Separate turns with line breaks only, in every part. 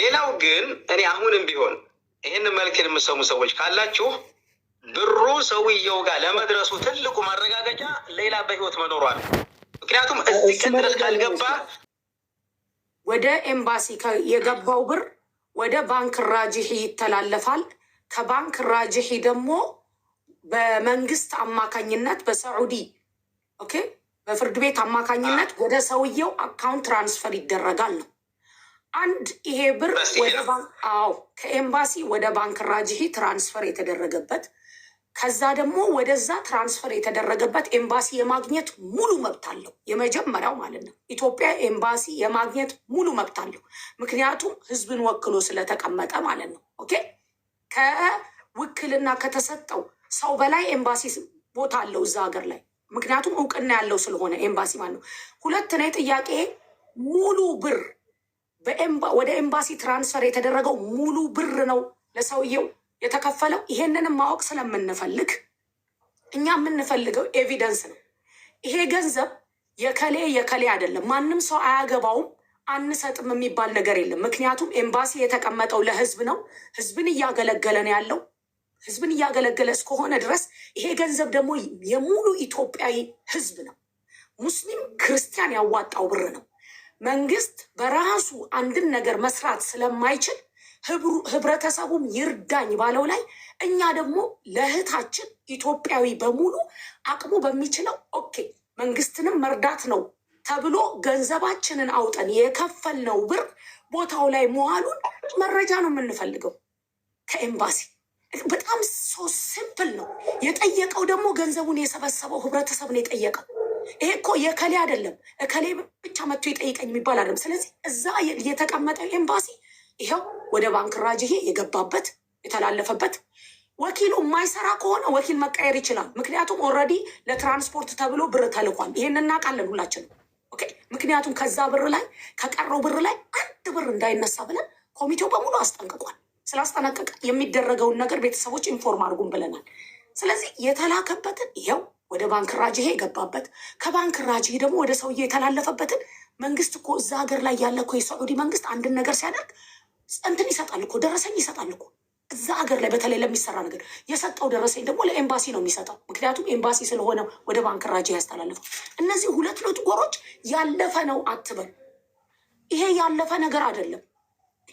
ሌላው ግን እኔ አሁንም ቢሆን ይህን መልክ የምሰሙ ሰዎች ካላችሁ ብሩ ሰውየው ጋር ለመድረሱ ትልቁ ማረጋገጫ ሌላ በህይወት መኖሯል። ምክንያቱም እዚህ ቀን ድረስ ካልገባ
ወደ ኤምባሲ የገባው ብር ወደ ባንክ ራጅሂ ይተላለፋል። ከባንክ ራጅሂ ደግሞ በመንግስት አማካኝነት በሰዑዲ ኦኬ፣ በፍርድ ቤት አማካኝነት ወደ ሰውየው አካውንት ትራንስፈር ይደረጋል ነው አንድ ይሄ ብር አዎ ከኤምባሲ ወደ ባንክ ራጅሂ ትራንስፈር የተደረገበት ከዛ ደግሞ ወደዛ ትራንስፈር የተደረገበት ኤምባሲ የማግኘት ሙሉ መብት አለው። የመጀመሪያው ማለት ነው ኢትዮጵያ ኤምባሲ የማግኘት ሙሉ መብት አለው። ምክንያቱም ህዝብን ወክሎ ስለተቀመጠ ማለት ነው። ኦኬ ከውክልና ከተሰጠው ሰው በላይ ኤምባሲ ቦታ አለው እዛ ሀገር ላይ ምክንያቱም እውቅና ያለው ስለሆነ ኤምባሲ ማለት ነው። ሁለት እኔ ጥያቄ ሙሉ ብር ወደ ኤምባሲ ትራንስፈር የተደረገው ሙሉ ብር ነው ለሰውየው የተከፈለው። ይሄንንም ማወቅ ስለምንፈልግ እኛ የምንፈልገው ኤቪደንስ ነው። ይሄ ገንዘብ የከሌ የከሌ አይደለም፣ ማንም ሰው አያገባውም፣ አንሰጥም የሚባል ነገር የለም። ምክንያቱም ኤምባሲ የተቀመጠው ለህዝብ ነው። ህዝብን እያገለገለ ነው ያለው። ህዝብን እያገለገለ እስከሆነ ድረስ ይሄ ገንዘብ ደግሞ የሙሉ ኢትዮጵያዊ ህዝብ ነው። ሙስሊም ክርስቲያን ያዋጣው ብር ነው። መንግስት በራሱ አንድን ነገር መስራት ስለማይችል ህብረተሰቡም ይርዳኝ ባለው ላይ እኛ ደግሞ ለእህታችን ኢትዮጵያዊ በሙሉ አቅሙ በሚችለው ኦኬ መንግስትንም መርዳት ነው ተብሎ ገንዘባችንን አውጠን የከፈልነው ብር ቦታው ላይ መዋሉን መረጃ ነው የምንፈልገው ከኤምባሲ። በጣም ሶ ሲምፕል ነው የጠየቀው። ደግሞ ገንዘቡን የሰበሰበው ህብረተሰብ ነው የጠየቀው። ይሄ እኮ የከሌ አይደለም እከሌ ብቻ መቶ ይጠይቀኝ የሚባል አይደለም። ስለዚህ እዛ የተቀመጠ ኤምባሲ ይኸው ወደ ባንክራጅ ይሄ የገባበት የተላለፈበት ወኪሉ የማይሰራ ከሆነ ወኪል መቀየር ይችላል። ምክንያቱም ኦልሬዲ ለትራንስፖርት ተብሎ ብር ተልኳል። ይሄን እናውቃለን ሁላችንም። ምክንያቱም ከዛ ብር ላይ ከቀረው ብር ላይ አንድ ብር እንዳይነሳ ብለን ኮሚቴው በሙሉ አስጠንቅቋል። ስላስጠነቀቀ የሚደረገውን ነገር ቤተሰቦች ኢንፎርም አድርጉን ብለናል። ስለዚህ የተላከበትን ይኸው ወደ ባንክ ራጅሄ የገባበት ከባንክ ራጅሄ ደግሞ ወደ ሰውዬ የተላለፈበትን መንግስት እኮ እዛ ሀገር ላይ ያለ እኮ የሳዑዲ መንግስት አንድን ነገር ሲያደርግ እንትን ይሰጣል እኮ ደረሰኝ ይሰጣል እኮ እዛ ሀገር ላይ በተለይ ለሚሰራ ነገር የሰጠው ደረሰኝ ደግሞ ለኤምባሲ ነው የሚሰጠው። ምክንያቱም ኤምባሲ ስለሆነ ወደ ባንክ ራጅ ያስተላልፈው እነዚህ ሁለት ሁለት ጎሮች ያለፈ ነው አትበል። ይሄ ያለፈ ነገር አይደለም።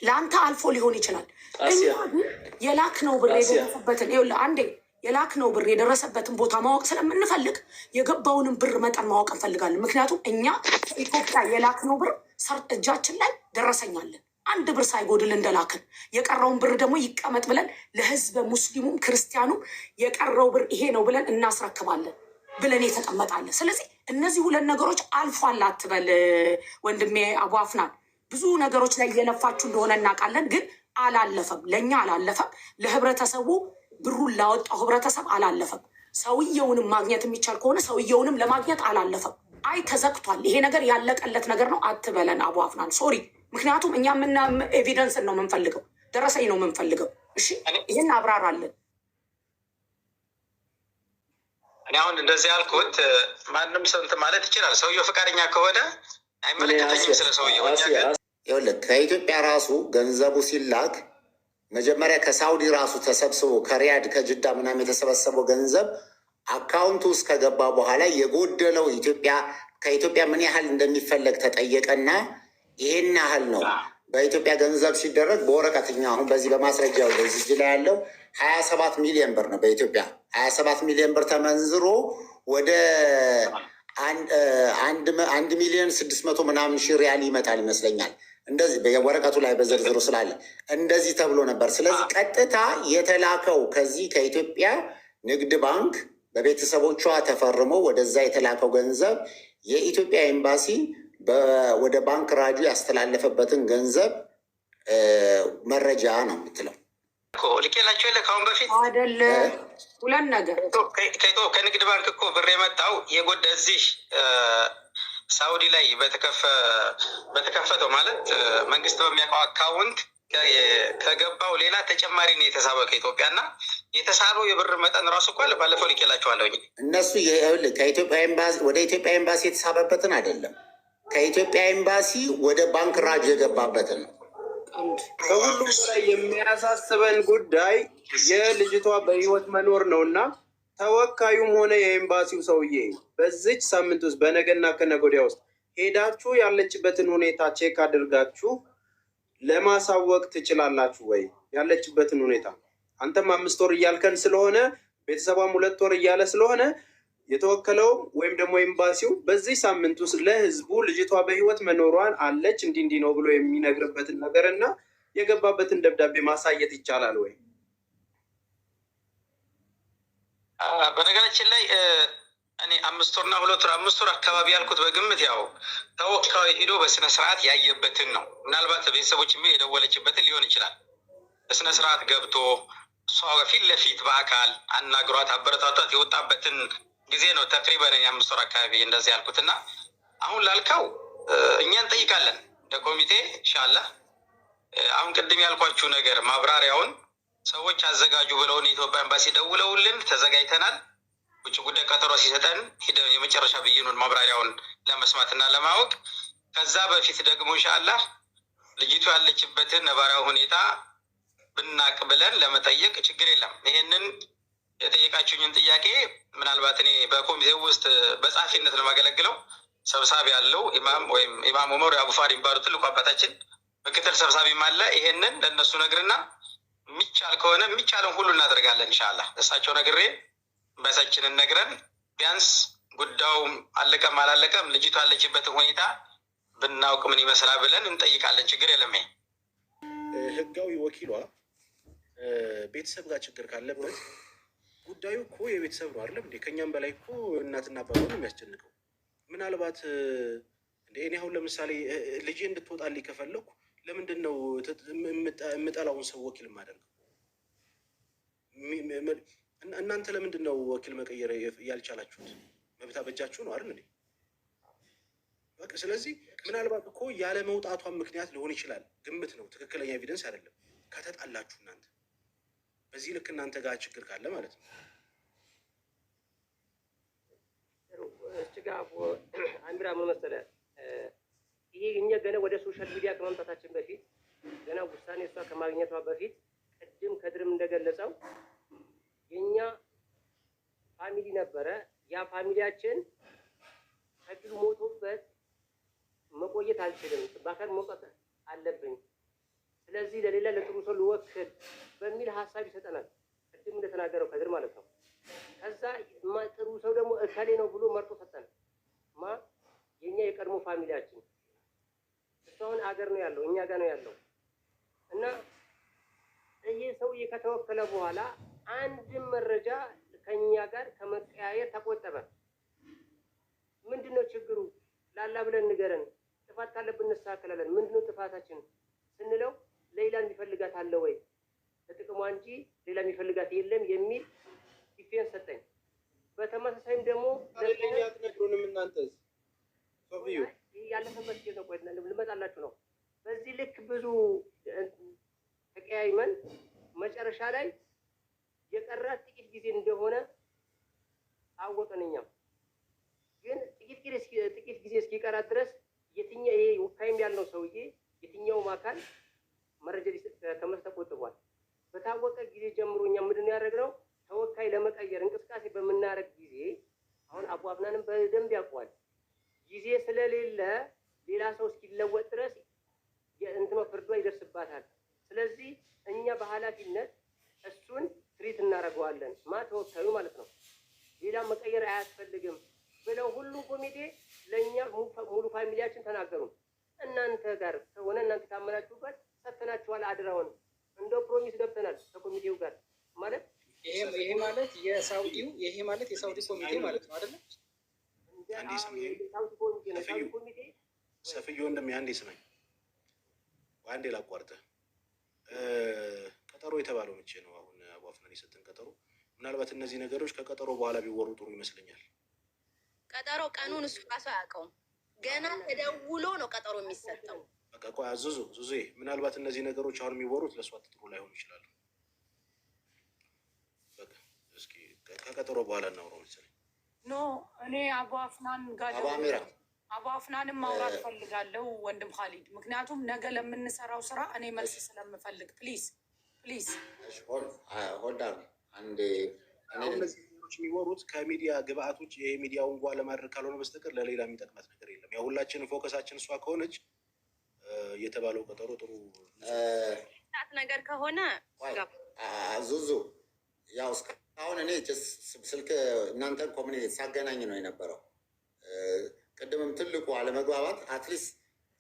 ለአንተ አልፎ ሊሆን ይችላል። እኛ ግን የላክ ነው ብር የደረሰበትን አንዴ የላክነው ብር የደረሰበትን ቦታ ማወቅ ስለምንፈልግ የገባውንም ብር መጠን ማወቅ እንፈልጋለን። ምክንያቱም እኛ ከኢትዮጵያ የላክነው ብር እጃችን ላይ ደረሰኛለን አንድ ብር ሳይጎድል እንደላክን የቀረውን ብር ደግሞ ይቀመጥ ብለን ለህዝበ ሙስሊሙም ክርስቲያኑም የቀረው ብር ይሄ ነው ብለን እናስረክባለን ብለን የተቀመጣለን። ስለዚህ እነዚህ ሁለት ነገሮች አልፏል አትበል ወንድሜ አቡ አፍናን። ብዙ ነገሮች ላይ እየለፋችሁ እንደሆነ እናውቃለን፣ ግን አላለፈም፣ ለእኛ አላለፈም ለህብረተሰቡ ብሩን ላወጣው ህብረተሰብ አላለፈም። ሰውየውንም ማግኘት የሚቻል ከሆነ ሰውየውንም ለማግኘት አላለፈም። አይ ተዘግቷል፣ ይሄ ነገር ያለቀለት ነገር ነው አትበለን። አቡ አፍናን ሶሪ። ምክንያቱም እኛ ምና ኤቪደንስን ነው የምንፈልገው፣ ደረሰኝ ነው የምንፈልገው። እሺ ይህን አብራራለን።
እኔ አሁን እንደዚህ ያልኩት ማንም ስንት ማለት ይችላል። ሰውየው ፈቃደኛ ከሆነ አይመለከተኝም ስለ ሰውየው።
ከኢትዮጵያ ራሱ ገንዘቡ ሲላክ መጀመሪያ ከሳውዲ ራሱ ተሰብስቦ ከሪያድ ከጅዳ ምናምን የተሰበሰበው ገንዘብ አካውንቱ ውስጥ ከገባ በኋላ የጎደለው ኢትዮጵያ ከኢትዮጵያ ምን ያህል እንደሚፈለግ ተጠየቀና ይሄን ያህል ነው በኢትዮጵያ ገንዘብ ሲደረግ በወረቀትኛ አሁን በዚህ በማስረጃ በዚህ ላይ ያለው ሀያ ሰባት ሚሊዮን ብር ነው። በኢትዮጵያ ሀያ ሰባት ሚሊዮን ብር ተመንዝሮ ወደ አንድ ሚሊዮን ስድስት መቶ ምናምን ሺ ሪያል ይመጣል ይመስለኛል። እንደዚህ ወረቀቱ ላይ በዝርዝሩ ስላለ እንደዚህ ተብሎ ነበር። ስለዚህ ቀጥታ የተላከው ከዚህ ከኢትዮጵያ ንግድ ባንክ በቤተሰቦቿ ተፈርሞ ወደዛ የተላከው ገንዘብ የኢትዮጵያ ኤምባሲ ወደ ባንክ ራጁ ያስተላለፈበትን ገንዘብ መረጃ ነው የምትለው።
ልኬላቸው የለ ከአሁን በፊት ሁለት ነገር ከንግድ ባንክ እኮ ብር የመጣው የጎደ እዚህ ሳውዲ ላይ በተከፈተው ማለት መንግስት በሚያውቀው አካውንት ከገባው ሌላ ተጨማሪ ነው የተሳበው ከኢትዮጵያ እና የተሳበው የብር መጠን ራሱ እኳ ባለፈው ልኬላቸዋለሁ።
እነሱ ወደ ኢትዮጵያ ኤምባሲ የተሳበበትን አይደለም፣ ከኢትዮጵያ ኤምባሲ ወደ ባንክ ራጅ የገባበትን ነው።
ከሁሉም ላይ የሚያሳስበን ጉዳይ የልጅቷ በህይወት መኖር ነው እና ተወካዩም ሆነ የኤምባሲው ሰውዬ በዚች ሳምንት ውስጥ በነገና ከነጎዲያ ውስጥ ሄዳችሁ ያለችበትን ሁኔታ ቼክ አድርጋችሁ ለማሳወቅ ትችላላችሁ ወይ? ያለችበትን ሁኔታ አንተም አምስት ወር እያልከን ስለሆነ ቤተሰቧም ሁለት ወር እያለ ስለሆነ የተወከለው ወይም ደግሞ ኤምባሲው በዚህ ሳምንት ውስጥ ለህዝቡ ልጅቷ በህይወት መኖሯን አለች እንዲህ እንዲህ ነው ብሎ የሚነግርበትን ነገር እና የገባበትን ደብዳቤ ማሳየት ይቻላል ወይ?
በነገራችን ላይ እኔ አምስት ወርና ሁለት ወር አምስት ወር አካባቢ ያልኩት በግምት ያው ተወካዩ ሄዶ በስነ ስርዓት ያየበትን ነው። ምናልባት ቤተሰቦች የደወለችበትን ሊሆን ይችላል። በስነ ስርዓት ገብቶ እሷ ፊት ለፊት በአካል አናግሯት አበረታቷት የወጣበትን ጊዜ ነው። ተቅሪበን አምስት ወር አካባቢ እንደዚህ ያልኩት እና አሁን ላልከው እኛ እንጠይቃለን እንደ ኮሚቴ ኢንሻላህ። አሁን ቅድም ያልኳችሁ ነገር ማብራሪያውን ሰዎች አዘጋጁ ብለውን የኢትዮጵያ ኤምባሲ ደውለውልን ተዘጋጅተናል። ውጭ ጉዳይ ቀጠሮ ሲሰጠን ሂደ የመጨረሻ ብይኑን ማብራሪያውን ለመስማትና ለማወቅ ከዛ በፊት ደግሞ ኢንሻአላህ ልጅቱ ያለችበትን ነባራዊ ሁኔታ ብናቅ ብለን ለመጠየቅ ችግር የለም። ይሄንን የጠየቃችሁኝን ጥያቄ ምናልባት እኔ በኮሚቴው ውስጥ በጸሐፊነት ለማገለግለው ሰብሳቢ ያለው ኢማም ወይም ኢማም ዑመር አቡፋር የሚባሉ ትልቁ አባታችን፣ ምክትል ሰብሳቢም አለ። ይሄንን ለእነሱ ነግርና የሚቻል ከሆነ የሚቻለን ሁሉ እናደርጋለን። እንሻላ እሳቸው ነግሬ በሳችንን ነግረን ቢያንስ ጉዳዩም አለቀም አላለቀም ልጅቷ አለችበትን ሁኔታ ብናውቅ ምን ይመስላል ብለን እንጠይቃለን። ችግር የለም።
ህጋዊ ወኪሏ ቤተሰብ ጋር ችግር ካለበት ጉዳዩ እኮ የቤተሰብ ነው አይደለም እንዴ? ከእኛም በላይ እኮ እናትና አባባ ነው የሚያስጨንቀው። ምናልባት እኔ አሁን ለምሳሌ ልጄ እንድትወጣልኝ ከፈለኩ ለምንድን ነው የምጠላውን ሰው ወኪል ማደርገው? እናንተ ለምንድን ነው ወኪል መቀየር ያልቻላችሁት? መብታ በጃችሁ ነው አይደል? በቃ ስለዚህ ምናልባት እኮ ያለ መውጣቷን ምክንያት ሊሆን ይችላል። ግምት ነው፣ ትክክለኛ ኤቪደንስ አይደለም። ከተጣላችሁ እናንተ በዚህ ልክ እናንተ ጋር ችግር ካለ ማለት ነው።
እች ጋር አሚራ መመሰለህ ይሄ እኛ ገና ወደ ሶሻል ሚዲያ ከመምጣታችን በፊት ገና ውሳኔ እሷ ከማግኘቷ በፊት ቅድም ከድርም እንደገለጸው የእኛ ፋሚሊ ነበረ። ያ ፋሚሊያችን ከፊሉ ሞቶበት መቆየት አልችልም፣ በአካል መውጣት አለብኝ። ስለዚህ ለሌላ ለጥሩ ሰው ልወክል በሚል ሀሳብ ይሰጠናል። ቅድም እንደተናገረው ከድር ማለት ነው። ከዛ ጥሩ ሰው ደግሞ እከሌ ነው ብሎ መርጦ ሰጠን። ማ የእኛ የቀድሞ ፋሚሊያችን የእሷን አገር ነው ያለው፣ እኛ ጋር ነው ያለው እና ይሄ ሰውዬ ከተወከለ በኋላ አንድም መረጃ ከኛ ጋር ከመቀያየር ተቆጠበ። ምንድን ነው ችግሩ? ላላ ብለን ንገረን፣ ጥፋት ካለብን እንስተካከላለን። ምንድን ነው ጥፋታችን ስንለው ሌላ የሚፈልጋት አለ ወይ ለጥቅሟ እንጂ ሌላ የሚፈልጋት የለም የሚል ዲፌንስ ሰጠኝ። በተመሳሳይም ደግሞ
ለኛ ትነግሩንም እናንተስ
ያለፈበት ጊዜ ቆይተን ልመጣላችሁ ነው። በዚህ ልክ ብዙ ተቀያይመን መጨረሻ ላይ የቀረ ጥቂት ጊዜ እንደሆነ አወቅን። እኛም ግን ጥቂት ጊዜ እስኪቀራት ድረስ የትኛ ይሄ ውካይም ያልነው ሰውዬ የትኛውም አካል መረጃ ሊሰጥ ከመስጠት ተቆጥቧል። በታወቀ ጊዜ ጀምሮ እኛ ምንድን ያደረግነው ተወካይ ለመቀየር እንቅስቃሴ በምናደርግ ጊዜ አሁን አቡ አፍናንም በደንብ ያውቀዋል። ጊዜ ስለሌለ ሌላ ሰው እስኪለወጥ ድረስ እንትኖ ፍርዷ ይደርስባታል። ስለዚህ እኛ በኃላፊነት እሱን ትሪት እናደርገዋለን። ማ ተወካዩ ማለት ነው። ሌላ መቀየር አያስፈልግም ብለው ሁሉም ኮሚቴ ለእኛ ሙሉ ፋሚሊያችን ተናገሩ። እናንተ ጋር ከሆነ እናንተ ካመናችሁበት ሰተናችኋል። አድራውን እንደ ፕሮሚስ ገብተናል ከኮሚቴው ጋር ማለት
ይሄ ማለት የሳውዲው ይሄ ማለት የሳውዲ ኮሚቴ ማለት ነው አይደለም
አንዴ ስማኝ ሰፍዩ ወንድሜ፣ አንዴ ስማኝ፣ አንዴ ቀጠሮ የተባለው መቼ ነው? አሁን አቡ አፍናን የሰጠን ቀጠሮ፣ ምናልባት እነዚህ ነገሮች ከቀጠሮ በኋላ ቢወሩ ጥሩ ይመስለኛል።
ቀጠሮ ቀኑን እሱ ራሱ አያውቀውም። ገና ተደውሎ ነው ቀጠሮ የሚሰጠው።
በቃ ቆይ አዙዙ ዙዙ፣ ምናልባት እነዚህ ነገሮች አሁን የሚወሩት ለእሷ ጥሩ ላይሆኑ ይችላሉ። ከቀጠሮ በኋላ እናውረው መሰለኝ
ኖ እኔ አቡ አፍናን ጋር አቡ አፍናንም ማውራት ፈልጋለሁ ወንድም ካሊድ፣ ምክንያቱም ነገ ለምንሰራው ስራ እኔ መልስ ስለምፈልግ ፕሊዝ ፕሊዝ።
የሚወሩት ከሚዲያ ግብአቶች ይሄ ሚዲያው እንኳ ለማድረግ ካልሆነ በስተቀር ለሌላ የሚጠቅማት ነገር የለም። ያው ሁላችንም ፎከሳችን እሷ ከሆነች የተባለው ቀጠሮ ጥሩ
ነገር ከሆነ
ዙዙ ያው እስከ አሁን እኔ ስልክ እናንተ ኮሚኒ ሳገናኝ ነው የነበረው። ቅድምም ትልቁ አለመግባባት አትሊስት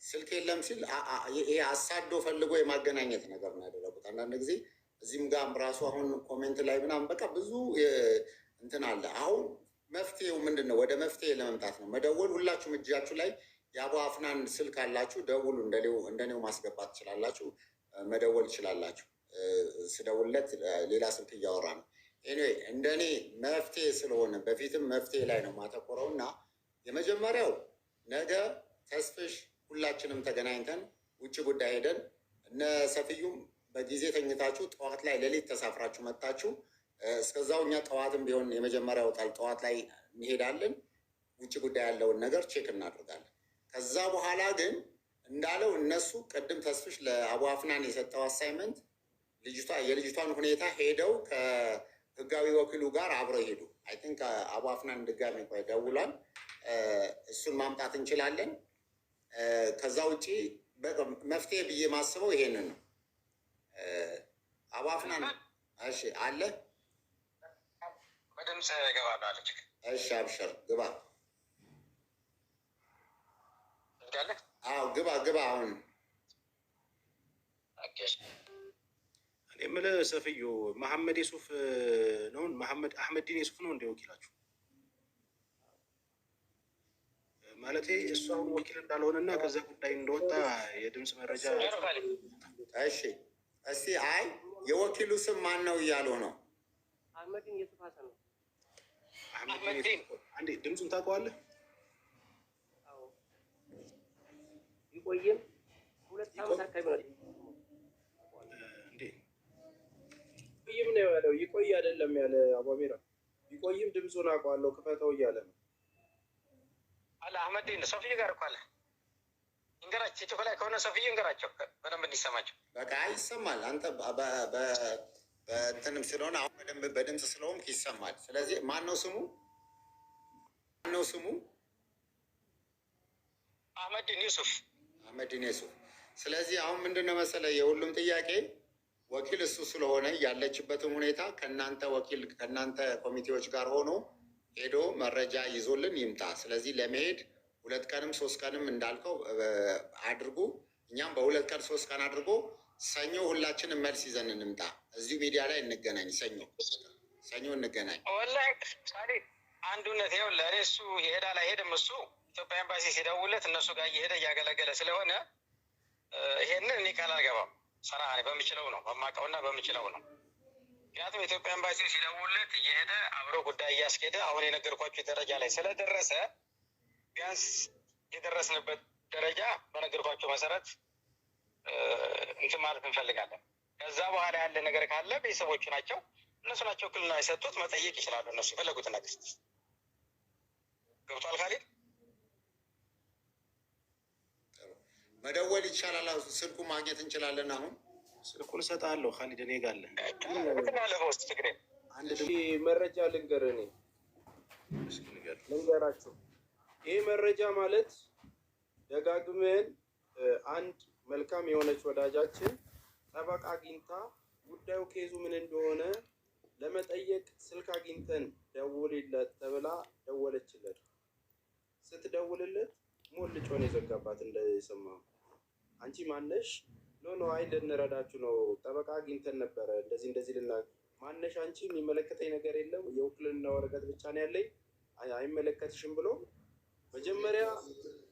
ስልክ የለም ሲል ይሄ አሳዶ ፈልጎ የማገናኘት ነገር ነው ያደረጉት። አንዳንድ ጊዜ እዚህም ጋር ራሱ አሁን ኮሜንት ላይ ምናምን በቃ ብዙ እንትን አለ። አሁን መፍትሄው ምንድን ነው? ወደ መፍትሄ ለመምጣት ነው መደወል። ሁላችሁም እጃችሁ ላይ የአቦ አፍናን ስልክ አላችሁ፣ ደውሉ። እንደኔው ማስገባት ትችላላችሁ፣ መደወል ትችላላችሁ። ስደውልለት ሌላ ስልክ እያወራ ነው እንደኔ መፍትሄ ስለሆነ በፊትም መፍትሄ ላይ ነው ማተኮረው እና የመጀመሪያው ነገ ተስፍሽ ሁላችንም ተገናኝተን ውጭ ጉዳይ ሄደን እነ ሰፊዩም በጊዜ ተኝታችሁ ጠዋት ላይ ሌሊት ተሳፍራችሁ መጣችሁ። እስከዛው እኛ ጠዋትም ቢሆን የመጀመሪያው ቃል ጠዋት ላይ እንሄዳለን። ውጭ ጉዳይ ያለውን ነገር ቼክ እናደርጋለን። ከዛ በኋላ ግን እንዳለው እነሱ ቅድም ተስፍሽ ለአቡ አፍናን የሰጠው አሳይመንት ልጅቷ የልጅቷን ሁኔታ ሄደው ህጋዊ ወኪሉ ጋር አብረው ሄዱ። አይ ቲንክ uh, አቡአፍናን ድጋሚ ደውሏል። uh, እሱን ማምጣት እንችላለን። uh, ከዛ ውጭ መፍትሄ ብዬ ማስበው ይሄንን ነው። አቡአፍናን እሺ፣ አለ
በድምፅ እገባለሁ
እሺ፣ አብሽር ግባ፣ ግባ፣ ግባ አሁን
የምልህ ሰፍዮ መሐመድ የሱፍ ነው መሐመድ አህመድዲን የሱፍ ነው እንደ ወኪላችሁ ማለት እሱ አሁን ወኪል እንዳልሆነና ከዛ ጉዳይ እንደወጣ የድምፅ መረጃ
እሺ፣ እስቲ አይ የወኪሉ ስም ማን ነው እያሉ ነው።
አንዴ ድምፁን ታውቀዋለህ?
ይቆይም ሁለት ዓመት አካባቢ ነው
ይቆይም ነው ያለው። ይቆይ አይደለም ያለ አቧሜራ ይቆይም ድምፁን አውቀዋለሁ ክፈተው እያለ ነው
አለ አህመዲን ሶፊ ጋር እኮ አለ እንገራቸው ኢትዮጵያ ላይ ከሆነ ሰውዬ እንገራቸው በደንብ እንዲሰማቸው።
በቃ ይሰማል። አንተ በእንትንም ስለሆነ አሁን በደንብ በድምፅ ስለሆንክ ይሰማል። ስለዚህ ማን ነው ስሙ? ማን ነው ስሙ?
አህመድን ዩሱፍ።
አህመድን ዩሱፍ። ስለዚህ አሁን ምንድነው መሰለ የሁሉም ጥያቄ ወኪል እሱ ስለሆነ ያለችበትን ሁኔታ ከእናንተ ወኪል ከእናንተ ኮሚቴዎች ጋር ሆኖ ሄዶ መረጃ ይዞልን ይምጣ። ስለዚህ ለመሄድ ሁለት ቀንም ሶስት ቀንም እንዳልከው አድርጉ። እኛም በሁለት ቀን ሶስት ቀን አድርጎ ሰኞ ሁላችንም መልስ ይዘን እንምጣ። እዚሁ ሚዲያ ላይ እንገናኝ። ሰኞ ሰኞ እንገናኝ።
ወላሂ አንዱነት ው ለእኔ እሱ ላይ አይሄድም። እሱ ኢትዮጵያ ኤምባሲ ሲደውለት እነሱ ጋር እየሄደ እያገለገለ ስለሆነ ይሄንን እኔ ካላልገባም ሰራ በምችለው ነው በማውቀውና በምችለው ነው። ምክንያቱም ኢትዮጵያ ኤምባሲ ሲደውልለት እየሄደ አብሮ ጉዳይ እያስኬደ አሁን የነገርኳቸው ደረጃ ላይ ስለደረሰ ቢያንስ የደረስንበት ደረጃ በነገርኳቸው መሰረት እንትን ማለት እንፈልጋለን። ከዛ በኋላ ያለ ነገር ካለ ቤተሰቦቹ ናቸው እነሱ ናቸው ክልና የሰጡት መጠየቅ ይችላሉ። እነሱ የፈለጉት ነገር ገብቷል ካሊድ
መደወል ይቻላል። ስልኩ ማግኘት እንችላለን። አሁን
ስልኩ እሰጥሃለሁ። ካሊድ እኔ ጋር አለ።
መረጃ ልንገር፣ እኔ ልንገራቸው። ይህ መረጃ ማለት ደጋግመን አንድ መልካም የሆነች ወዳጃችን ጠበቃ አግኝታ ጉዳዩ ኬዙ ምን እንደሆነ ለመጠየቅ ስልክ አግኝተን ደውልለት ተብላ ደወለችለት። ስትደውልለት ሞልጮን የዘጋባት እንደሰማ አንቺ ማነሽ? ኖ ኖ አይ ልንረዳችሁ ነው፣ ጠበቃ አግኝተን ነበረ እንደዚህ እንደዚህ ልና ማነሽ አንቺ የሚመለከተኝ ነገር የለም የውክልና ወረቀት ብቻ ነው ያለኝ አይመለከትሽም ብሎ መጀመሪያ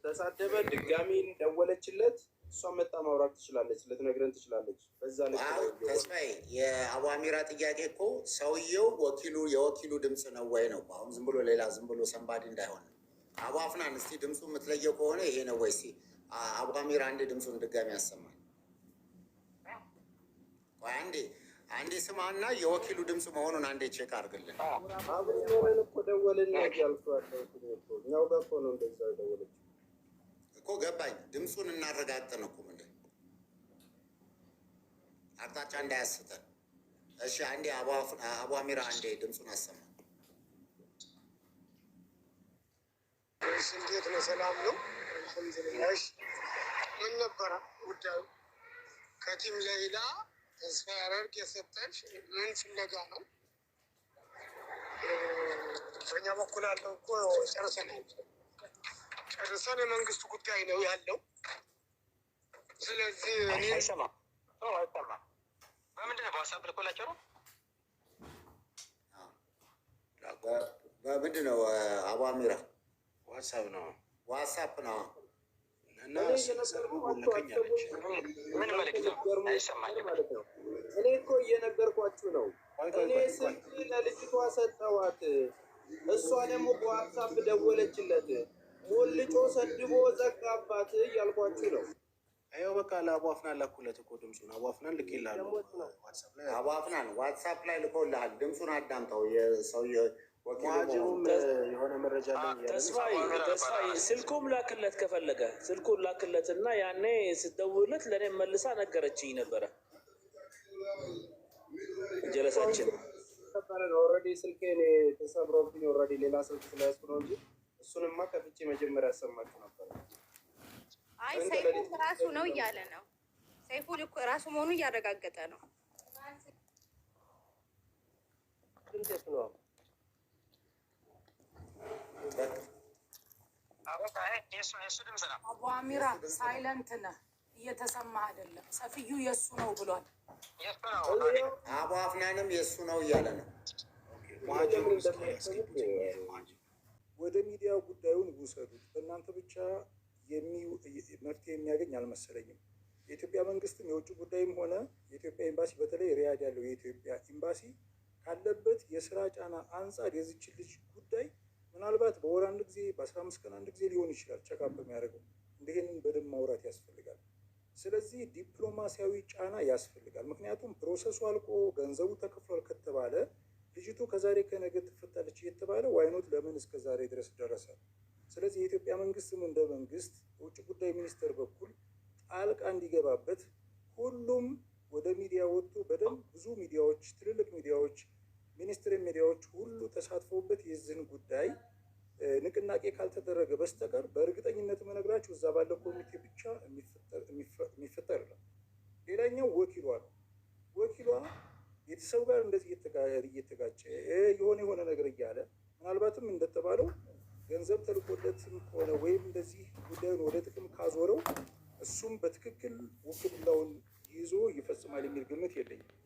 ተሳደበ። ድጋሚ ደወለችለት። እሷ መጣ ማውራት ትችላለች፣ ልትነግረን ትችላለች። በዛ ላይ
ተስፋዬ የአዋሚራ ጥያቄ እኮ ሰውየው ወኪሉ የወኪሉ ድምፅ ነው ወይ ነው። አሁን ዝም ብሎ ሌላ ዝም ብሎ ሰንባድ እንዳይሆን አቧፍናን እስቲ ድምፁ የምትለየው ከሆነ ይሄ ነው ወይ? እስቲ አንዴ ድምፁን ድጋሚ ያሰማል። አንዴ አንዴ ስማና የወኪሉ ድምፅ መሆኑን አንዴ ቼክ አድርግልን። እኮ ገባኝ። ድምፁን እናረጋግጠን እኮ ምንድ አቅጣጫ እንዳያስተን። እሺ አንዴ አቧሚር አንዴ ድምፁን አሰማ
እንዴት ነው? ሰላም ነው? አልሐምዱሊላህ። ምን ነበረ ጉዳዩ? ከቲም ሌላ ተስፋ ያደርግ የሰጠሽ ምን ፍለጋ ነው? በኛ በኩል አለው እኮ ጨርሰን ጨርሰን የመንግስት ጉዳይ ነው ያለው። ስለዚህ
አይሰማም አይሰማም። ልኮላቸው
ነው አቧሚራ ዋትሳፕ ነው ዋትሳፕ ነው። እና
ምን መልዕክት ነው አይሰማኝም።
እኔ እኮ እየነገርኳችሁ ነው። እኔ ስልክ ለልጅቷ ሰጠዋት፣ እሷ ደግሞ በዋትሳፕ ደወለችለት። ሞልጮ ሰድቦ ዘጋባት እያልኳችሁ ነው።
ይኸው በቃ ለአቧፍና ላኩለት እኮ ድምፁን አቧፍና ልክ ይላሉ። አቧፍናን ዋትሳፕ ላይ ልኮልሃል። ድምፁን አዳምጠው የሰውየ
ሙሀጅሩም የሆነ መረጃ
ስልኩም ላክለት ከፈለገ ስልኩን ላክለት እና ያኔ ስደውልለት ለእኔ መልሳ ነገረችኝ ነበረ። ጀለሳችን
ኦልሬዲ ስልኬ ተሰብሮብኝ ኦልሬዲ ሌላ ስልክ ስለያዝኩ ነው እንጂ እሱንማ ከፍቼ መጀመሪያ ያሰማችሁ ነበር።
አይ ሰይፉ ራሱ ነው እያለ ነው። ሰይፉ ራሱ መሆኑ እያረጋገጠ ነው።
አቡ አሚራ ሳይለንት ነህ፣ እየተሰማ አይደለም። ሰፊዩ የእሱ ነው ብሏል።
አቡ አፍናንም የእሱ ነው እያለ ነው።
ወደ ሚዲያ ጉዳዩን ውሰዱት። በእናንተ ብቻ መፍትሄ የሚያገኝ አልመሰለኝም። የኢትዮጵያ መንግስትም የውጭ ጉዳይም ሆነ የኢትዮጵያ ኤምባሲ በተለይ ሪያድ ያለው የኢትዮጵያ ኤምባሲ ካለበት የስራ ጫና አንጻር የዚችን ልጅ ጉዳይ ምናልባት በወር አንድ ጊዜ በአስራ አምስት ቀን አንድ ጊዜ ሊሆን ይችላል ቸካፕ የሚያደርገው። ይህንን በደንብ ማውራት ያስፈልጋል። ስለዚህ ዲፕሎማሲያዊ ጫና ያስፈልጋል። ምክንያቱም ፕሮሰሱ አልቆ ገንዘቡ ተከፍሏል ከተባለ ልጅቱ ከዛሬ ከነገ ትፈታለች እየተባለ ዋይኖት ለምን እስከ ዛሬ ድረስ ደረሰ? ስለዚህ የኢትዮጵያ መንግስትም እንደ መንግስት በውጭ ጉዳይ ሚኒስቴር በኩል ጣልቃ እንዲገባበት ሁሉም ወደ ሚዲያ ወጥቶ በደንብ ብዙ ሚዲያዎች፣ ትልልቅ ሚዲያዎች ሚኒስትር ሚዲያዎች ሁሉ ተሳትፎበት የዚህን ጉዳይ ንቅናቄ ካልተደረገ በስተቀር በእርግጠኝነት መነግራቸው እዛ ባለው ኮሚቴ ብቻ የሚፈጠር ነው። ሌላኛው ወኪሏ ነው። ወኪሏ ቤተሰቡ ጋር እንደዚህ እየተጋጨ የሆነ የሆነ ነገር እያለ ምናልባትም እንደተባለው ገንዘብ ተልኮለትም ከሆነ ወይም እንደዚህ ጉዳዩን ወደ ጥቅም ካዞረው እሱም በትክክል ውክልናውን ይዞ ይፈጽማል የሚል ግምት የለኝም።